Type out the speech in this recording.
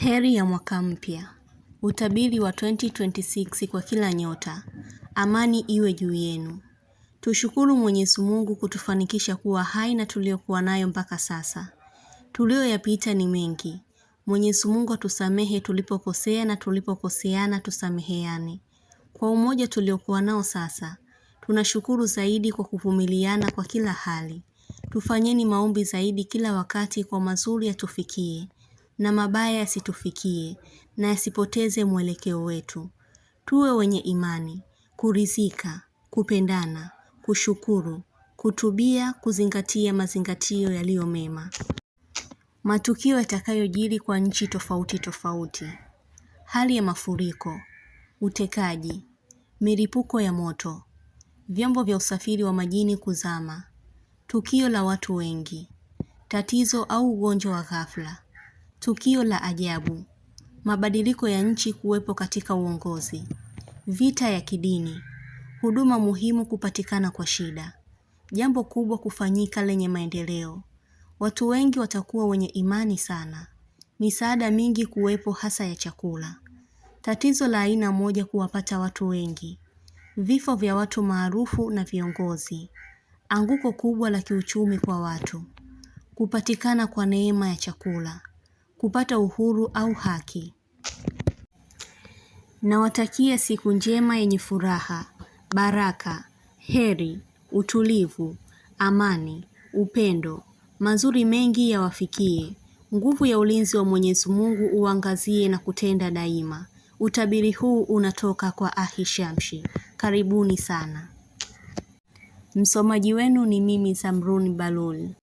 Heri ya mwaka mpya. Utabiri wa 2026 kwa kila nyota. Amani iwe juu yenu. Tushukuru Mwenyezi Mungu kutufanikisha kuwa hai na tuliyokuwa nayo mpaka sasa. Tuliyoyapita ni mengi. Mwenyezi Mungu atusamehe tulipokosea na tulipokoseana, tusameheane. Kwa umoja tuliokuwa nao sasa, tunashukuru zaidi kwa kuvumiliana kwa kila hali. Tufanyeni maombi zaidi kila wakati kwa mazuri yatufikie na mabaya yasitufikie na yasipoteze mwelekeo wetu. Tuwe wenye imani, kurizika kupendana, kushukuru, kutubia, kuzingatia mazingatio yaliyo mema. Matukio yatakayojiri kwa nchi tofauti tofauti: hali ya mafuriko, utekaji, milipuko ya moto, vyombo vya usafiri wa majini kuzama, tukio la watu wengi, tatizo au ugonjwa wa ghafla, Tukio la ajabu: mabadiliko ya nchi kuwepo katika uongozi, vita ya kidini, huduma muhimu kupatikana kwa shida, jambo kubwa kufanyika lenye maendeleo, watu wengi watakuwa wenye imani sana, misaada mingi kuwepo, hasa ya chakula, tatizo la aina moja kuwapata watu wengi, vifo vya watu maarufu na viongozi, anguko kubwa la kiuchumi kwa watu, kupatikana kwa neema ya chakula, kupata uhuru au haki. Nawatakia siku njema yenye furaha, baraka, heri, utulivu, amani, upendo, mazuri mengi yawafikie. Nguvu ya ulinzi wa Mwenyezi Mungu uangazie na kutenda daima. Utabiri huu unatoka kwa Ahishamshi. Karibuni sana. Msomaji wenu ni mimi Samruni Balul.